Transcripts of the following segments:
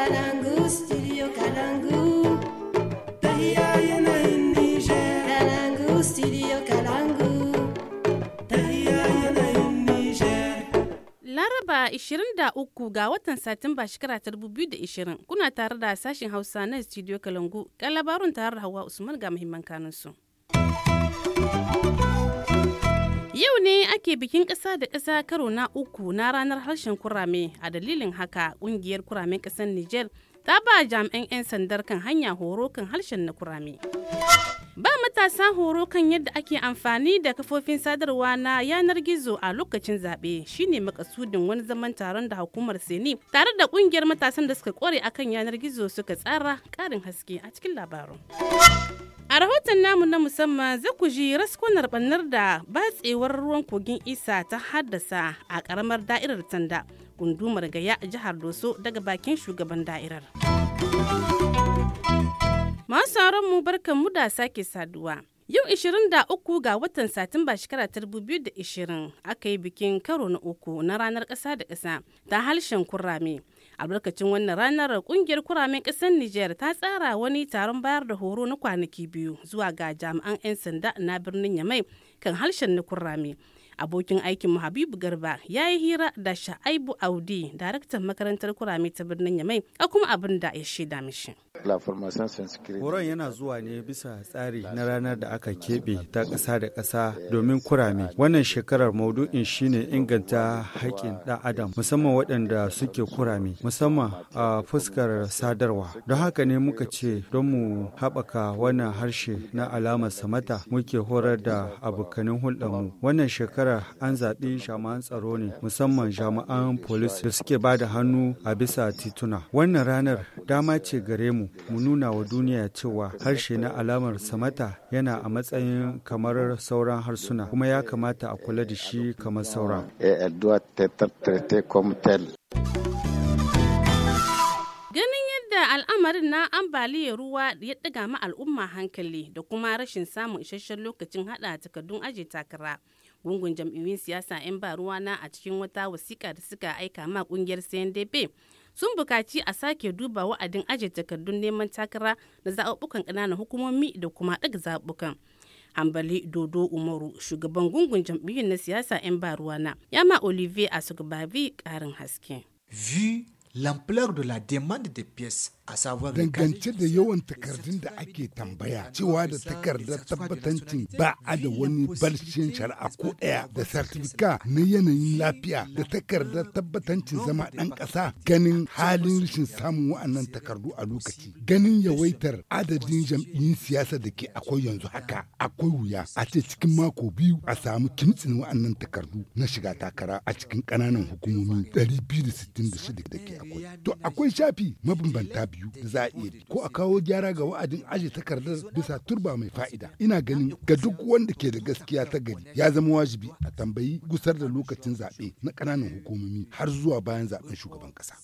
kalangu studio kalangu kalangu studio kalangu laraba 23 ga watan satumba shekara ta 2020 kuna tare da sashen hausa na studio kalangu ga labarin tare da hawa usman ga muhimman kanunsu. Yau ne ake bikin ƙasa da ƙasa karo na uku na ranar harshen kurame a dalilin haka ƙungiyar kuramen ƙasar Nijar ta ba jami'an 'yan sandar kan hanya horo kan harshen na kurame. Ba matasa horo kan yadda ake amfani da kafofin sadarwa na yanar gizo a lokacin zaɓe shine makasudin wani zaman taron da hukumar Seni tare da kungiyar matasan da suka kware akan yanar gizo suka tsara ƙarin haske a cikin labarin. A rahoton namu na musamman za ku ji raskunar bannar da batsewar ruwan kogin isa ta haddasa a karamar da'irar tanda gundumar gaya a jihar Doso daga bakin shugaban da'irar. Masu mu barkan mu da sake saduwa. Yau 23 ga watan Satumba shekara ta 2020 aka yi bikin karo na uku na ranar ƙasa da ƙasa ta harshen kurame. Albarkacin wannan ranar kungiyar kurame ƙasar Nijar ta tsara wani taron bayar da horo na kwanaki biyu zuwa ga jami'an 'yan sanda na birnin Yamai kan harshen na kurame. Abokin aikin Habibu Garba ya yi hira da Sha'aibu Audi, daraktan makarantar kurame ta birnin Yamai, a kuma abin da ya shaida mishi. Horon yana zuwa ne bisa tsari na ranar da aka keɓe ta ƙasa da ƙasa domin kurame. Wannan shekarar maudu'in shine inganta haƙƙin ɗan adam musamman waɗanda suke kurame musamman a fuskar sadarwa. Don haka ne muka ce don mu haɓaka wannan harshe na alamar samata muke horar da abokanin hulɗarmu. Wannan shekarar an zaɓi jami'an tsaro ne musamman jama'an polis da suke ba da hannu a bisa tituna. Wannan ranar dama ce gare mu mu nuna wa duniya cewa harshe na alamar samata yana a matsayin kamar sauran harsuna kuma ya kamata a kula da shi kamar sauran. Ganin yadda al'amarin na ambaliyar ruwa ya ɗiga ma al'umma hankali da kuma rashin samun isasshen lokacin haɗa takardun aje takara. Gungun jam'iyyun siyasa 'yan ba ruwana a cikin wata wasiƙa da suka aika ma ƙungiyar CNDP sun bukaci a sake duba wa'adin ajiye takardun neman takara na zaɓuɓɓukan ƙananan hukumomi da kuma ɗaga zaɓuɓɓukan. hambali dodo umaru shugaban gungun jam'iyyar na siyasa 'yan baruwana ya ma olivier Asugbavi ƙarin haske vu l'ampleur de la demande des pièces Dangance da yawan takardun da ake tambaya cewa da takardar tabbatancin ba a da wani barcin shari'a ko ɗaya da sartifika na yanayin lafiya da takardar tabbatancin zama ɗan ƙasa ganin halin rashin samun wa'annan takardu a lokaci ganin yawaitar adadin jam'iyyun siyasa da ke akwai yanzu haka akwai wuya a ce cikin mako biyu a samu kimtsin wa'annan takardu na shiga takara a cikin ƙananan hukumomi 266 da ke akwai to akwai shafi mabambanta biyu biyu za a iya bi ko a kawo gyara ga wa'adin aje takardar bisa turba mai fa'ida ina ganin ga duk wanda ke da gaskiya ta gari ya zama wajibi a tambayi gusar da lokacin zaɓe na ƙananan hukumomi har zuwa bayan zaɓen shugaban ƙasa.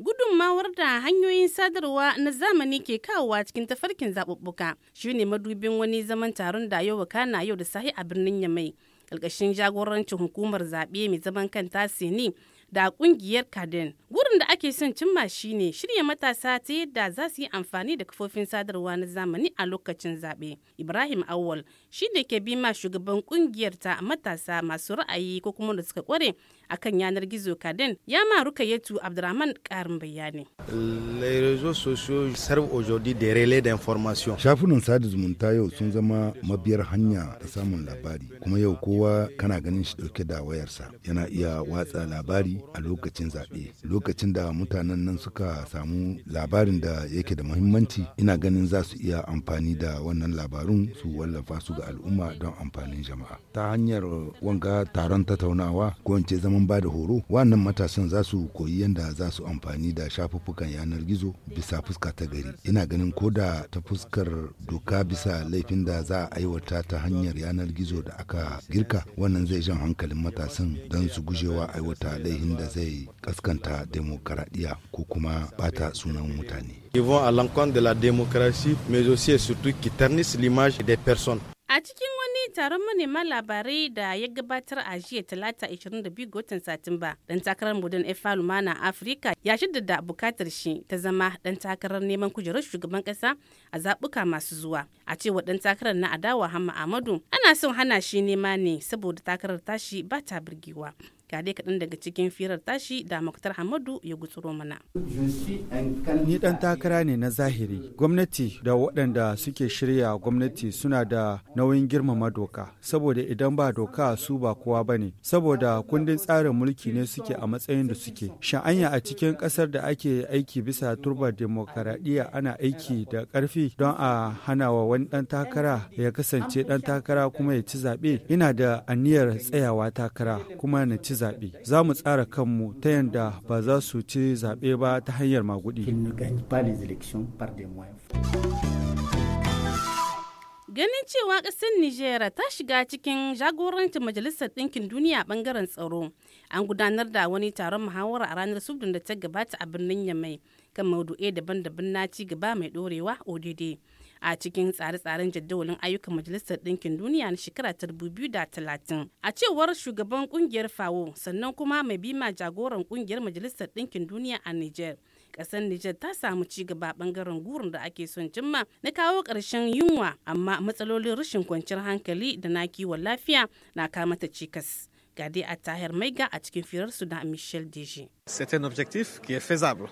gudunmawar da hanyoyin sadarwa na zamani ke kawowa cikin tafarkin zaɓuɓɓuka shi ne madubin wani zaman taron da yau yau da sahi a birnin yamai karkashin jagorancin hukumar zaɓe mai zaman kanta sini da kungiyar Kaden. Gurin da ake son cimma shine shirya matasa ta yadda za su yi amfani da kafofin sadarwa na zamani a lokacin zaɓe. Ibrahim Awol shi ne ke bi ma shugaban kungiyar ta matasa masu ra'ayi ko kuma da suka kware a kan yanar gizo Kaden ya ma ruka yatu Abdurrahman karin bayani. Les réseaux sociaux servent aujourd'hui des relais d'information. Shafunan sada zumunta yau sun zama mabiyar hanya ta samun labari kuma yau kowa kana ganin shi dauke da wayarsa yana iya watsa labari a lokacin zaɓe lokacin da mutanen nan suka samu labarin da yake da muhimmanci ina ganin za su iya amfani da wannan labarun su wallafa su ga al'umma don amfanin jama'a ta hanyar wanga taron tattaunawa ko ce zaman ba da horo wannan matasan za su koyi yadda za su amfani da shafuffukan yanar gizo bisa fuska ta gari ina ganin ko da ta fuskar doka bisa laifin da za a aiwata ta hanyar yanar gizo da aka girka wannan zai jan hankalin matasan don su gujewa aiwata laifin abin da zai kaskanta demokaradiyya ko kuma bata sunan mutane. Ils vont de la démocratie, mais aussi et surtout qui ternissent l'image des personnes. A cikin wani taron manema labarai da ya gabatar a jiya talata 22 ga watan Satumba, dan takarar modern Efa Lumana Afirka ya da bukatar shi ta zama dan takarar neman kujerar shugaban kasa a zabuka masu zuwa. A cewa dan takarar na adawa hama Ahmadu, ana son hana shi nema ne saboda takarar tashi ba ta birgewa. ga dai kaɗan daga cikin firar tashi da Muktar Hamadu ya gutsuro mana. Ni ɗan takara ne na zahiri. Gwamnati da waɗanda suke shirya gwamnati suna da nauyin girmama doka, saboda idan ba doka su ba kowa ba ne, saboda kundin tsarin mulki ne suke a matsayin da suke. Sha'anya a cikin ƙasar da ake aiki bisa turbar demokaradiyya ana aiki da ƙarfi don a hana wa wani ɗan takara ya kasance ɗan takara kuma ya ci zaɓe. Ina da aniyar tsayawa takara kuma na ci zaɓe za mu tsara kanmu ta yadda ba za su ci zaɓe ba ta hanyar magudi Ganin cewa ƙasar Nijera ta shiga cikin jagorancin Majalisar Ɗinkin Duniya a ɓangaren tsaro, an gudanar da wani taron muhawara a ranar Subdun da ta gabata a birnin Yamai. kan maudu'e daban-daban na ci gaba mai dorewa odd a cikin tsare-tsaren jadawalin ayyukan majalisar ɗinkin duniya na shekara ta talatin, a cewar shugaban kungiyar fawo sannan kuma mai bima jagoran kungiyar majalisar ɗinkin duniya a niger Ƙasar Niger ta samu ci gaba bangaren gurin da ake son jimma na kawo ƙarshen yunwa amma matsalolin rashin kwanciyar hankali da na kiwon lafiya na kamata cikas. Gade a tahir maiga a cikin firarsu da Michel Deji.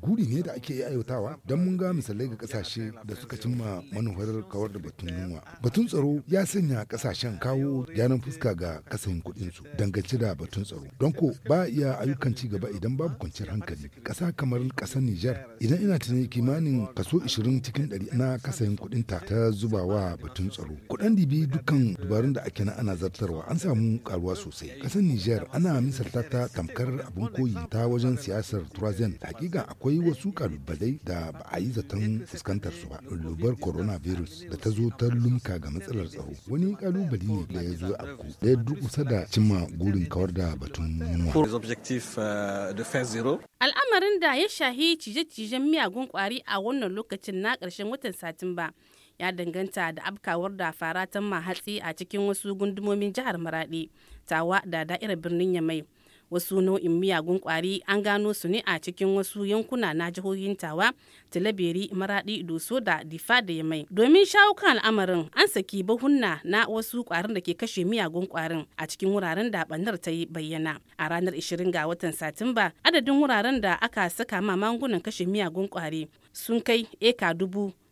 Guri ne da ake aiwatawa don mun ga misalai ga kasashe da suka cimma manufar kawar da batun yunwa. Batun tsaro ya sanya kasashen kawo gyaran fuska ga kasayin kuɗinsu dangance da batun tsaro. Don ko ba iya ayyukan ci gaba idan babu kwanciyar hankali. kasa kamar kasar Nijar idan ina tunani kimanin kaso 20 cikin 100 na kasayin kudinta ta zuba wa batun tsaro. kudin dibi dukan dubarun da ake na ana zartarwa an samu karuwa sosai. Nijar ana misalta ta tamkar abin koyi ta wajen siyasar Turazen. Hakika akwai wasu kalubalai da ba a yi zaton fuskantar su ba. Lubar coronavirus da ta zo ta lumka ga matsalar tsaro. Wani kalubali ne da ya zo a ku da ya durkusa da cimma gurin kawar da batun nuna. Euh, Al'amarin da ya shahi cije-cijen miyagun kwari a wannan lokacin na ƙarshen watan Satumba. ya danganta da afkawar da fara ta mahatsi a cikin wasu gundumomin jihar maraɗi. tawa da da'irar birnin yamai wasu nau'in miyagun kwari an gano su ne a cikin wasu yankuna na jihohin tawa talabiri maradi doso da difa da yamai domin shawo kan al'amarin an saki bahunna na wasu kwarin da ke kashe miyagun kwarin a cikin wuraren da bannar ta yi bayyana a ranar 20 ga watan satumba adadin wuraren da aka saka ma magungunan kashe miyagun kwari sun kai eka dubu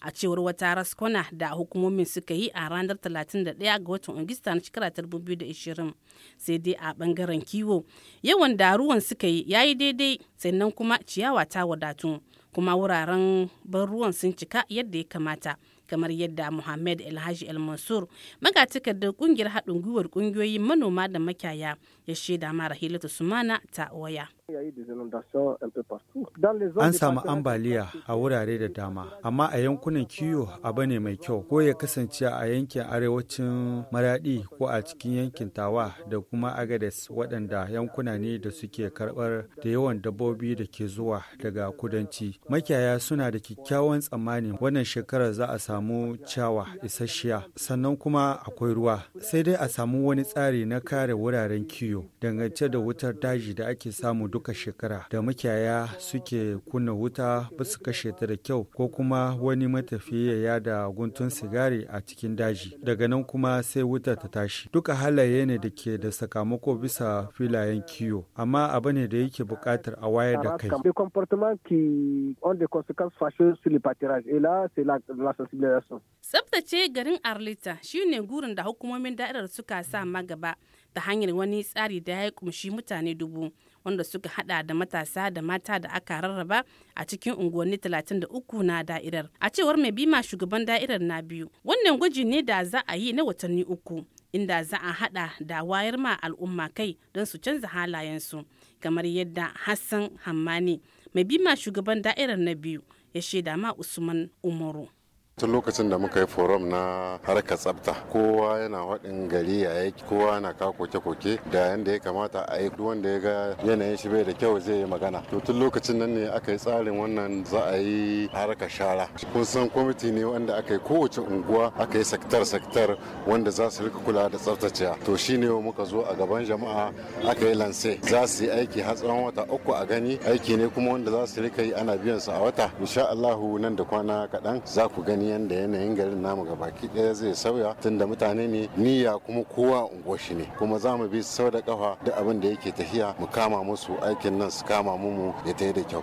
a cewar wata raskona da hukumomin suka yi a ranar 31 ga watan Agusta na shekara 2020 sai dai a bangaren kiwo yawan daruwan ruwan suka yi ya yi daidai sannan kuma ciyawa ta wadatu kuma wuraren ban ruwan sun cika yadda ya kamata kamar yadda Muhammad Alhaji El Mansur magatakardar kungiyar haɗin gwiwar kungiyoyin manoma da makiyaya ya shaida mara hilata Sumana ta waya. An samu ambaliya a wurare da dama, amma a yankunan kiyo abu ne mai kyau ko ya kasance a yankin arewacin maradi ko a cikin yankin tawa da kuma agades waɗanda yankuna ne da suke karɓar da yawan dabbobi da ke zuwa daga kudanci. Makiyaya suna da kyakkyawan tsammani wannan shekarar za a samu ciyawa isasshiya sannan kuma akwai ruwa sai dai a samu wani tsari na kare wuraren kiyo dangance da wutar daji da ake samu duk duka shekara da makiyaya suke kunna wuta ba su kashe ta da kyau ko kuma wani matafiya ya yada guntun sigari a cikin daji daga nan kuma sai wuta ta tashi duka halaye ne da ke da sakamako bisa filayen kiyo amma abu ne da yake buƙatar a wayar da kai Tsabtace garin Arlita shine gurin da hukumomin da'irar suka sa magaba ta hanyar wani tsari da ya kumshi mutane dubu wanda suka hada da matasa da mata da aka rarraba a cikin unguwanni 33 na da'irar. A cewar mai bima shugaban da'irar na biyu, wannan gwaji ne da za a yi na watanni uku. inda za a hada da wayar ma al'umma kai don su canza halayensu kamar yadda hassan hammani mai bima shugaban da'irar na biyu ya shaida ma usman umaru tun lokacin da muka yi forum na harkar tsafta kowa yana haɗin gari ya yi kowa na ka koke-koke da yanda ya kamata a yi wanda ya ga yanayin shi bai da kyau zai yi magana to tun lokacin nan ne aka yi tsarin wannan za a yi harkar shara kun san kwamiti ne wanda aka yi kowace unguwa aka yi sektar sektar wanda za su rika kula da tsaftacewa to shi ne muka zo a gaban jama'a aka yi lance za su yi aiki har tsawon wata uku a gani aiki ne kuma wanda za su rika yi ana biyan su a wata insha Allahu nan da kwana kaɗan za ku gani da yanayin garin namu ga baki ɗaya zai sauya tunda mutane ne niyya kuma kowa unguwashi ne kuma za mu bi sau da kafa duk abin da yake tafiya mu kama musu aikin nan su kama mu ya ta da kyau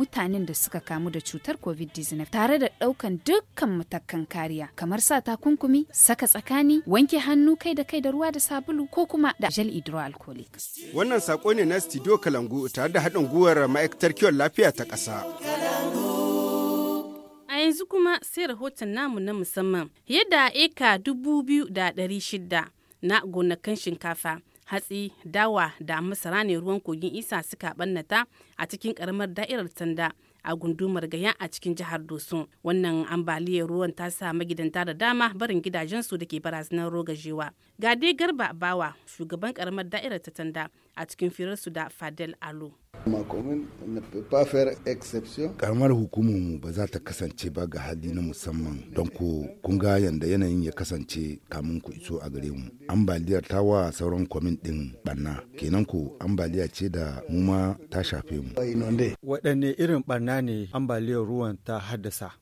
mutanen da suka kamu da cutar covid-19 tare da ɗaukan dukkan matakan kariya kamar sa takunkumi saka tsakani wanke hannu kai da kai da ruwa da sabulu ko kuma da gel hydroalcoholic wannan sako ne na studio kalangu tare da haɗin gwiwar ma'aikatar kiwon lafiya ta ƙasa. a yanzu kuma sai rahoton namu na musamman yadda eka dubu biyu da ɗari shida na gonakan shinkafa hatsi dawa da masara ne ruwan kogin isa suka ɓannata a cikin karamar da'irar tanda a gundumar gaya a cikin jihar dosun wannan ambaliyar ruwan ta sa magidanta da dama barin gidajensu da ke barazanar rogajewa ga dai garba bawa shugaban karamar da'irar ta tanda a cikin su da Fadel Alo. karamar hukumar mu ba za ta kasance ba ga hali na musamman don ko kun ga yanda yanayin ya kasance kamun ku iso a gare mu ambaliyar ta wa sauran kwamin din barna kenan ko ambaliya ce da mu ma ta shafe mu waɗanne irin barna ne ambaliyar ruwan ta haddasa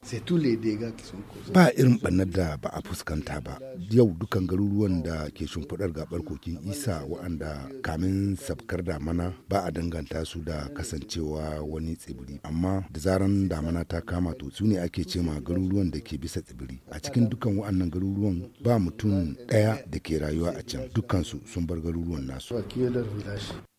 ba irin barnar da ba a fuskanta ba yau dukan garuruwan da ke shimfiɗar gabar kokin isa waɗanda kamin sabkar damana ba a danganta su da kasancewa wani tsibiri amma da zaran damana ta kama to su ne ake ce ma garuruwan da ke bisa tsibiri a cikin dukkan wa'annan garuruwan ba mutum ɗaya da ke rayuwa a can dukkansu sun bar garuruwan nasu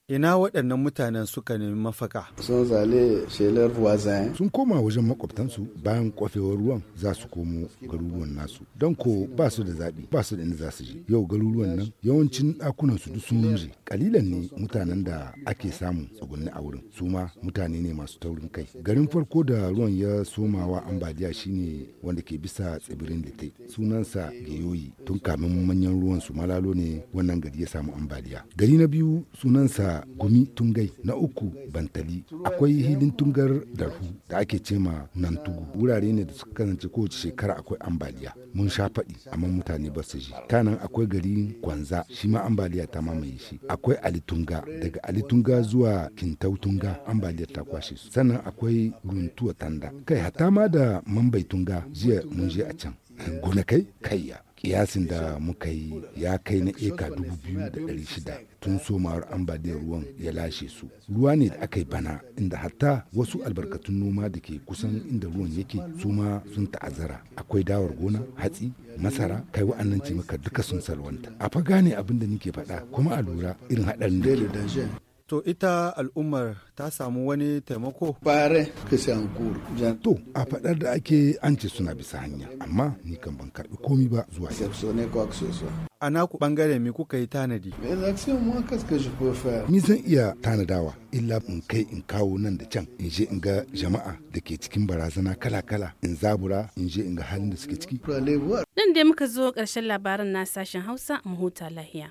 Ina waɗannan mutanen suka nemi mafaka? Sun zale shelar wazayen. Sun koma wajen makwabtansu bayan kwafewar ruwan za su komo garuruwan nasu. Don ko ba su da zaɓi ba su da inda za su je. Yau garuruwan nan yawancin ɗakunan su duk sun rumje. Kalilan ne mutanen da ake samu tsugunni a wurin. Su ma mutane ne masu taurin kai. Garin farko da ruwan ya wa ambaliya shine wanda ke bisa tsibirin Lite. Sunansa Geyoyi tun kamin manyan ruwan su malalo ne wannan gari ya samu ambaliya. Gari na biyu sunansa gumi tungai na uku bantali akwai hilin tungar darhu da ake cema nan tugu wurare ne da suka kasance kowace shekara akwai ambaliya mun sha faɗi amma mutane ba su ji kanan akwai gari kwanza shi ma ambaliya ta mamaye shi akwai alitunga daga alitunga zuwa kintau tunga, ambaliya ta kwashe su sannan akwai runtuwa tanda kai hata ma da mambai tunga jiya mun je a can gonakai kaiya kiyasin da muka yi ya kai na eka dubu biyu da ɗari shida tun somawar ambaliyar ruwan ya lashe su ruwa ne da aka yi bana inda hatta wasu albarkatun noma da ke kusan inda ruwan yake su ma sun ta'azzara akwai dawar gona hatsi masara kai wa'annan cimaka duka sun salwanta a fa gane abin da nike faɗa kuma a lura irin haɗarin da ke To ita al'ummar ta samu wani taimako? Bare To a faɗar da ake an ce suna bisa hanya amma ni kan ban karɓi komi ba zuwa A naku ɓangare kuka yi tanadi? Ni zan iya tanadawa illa in kai in kawo nan da can in je in ga jama'a da ke cikin barazana kala-kala in zabura in je in ga halin da suke ciki. Nan dai muka zo ƙarshen labarin na sashen Hausa mu huta lahiya.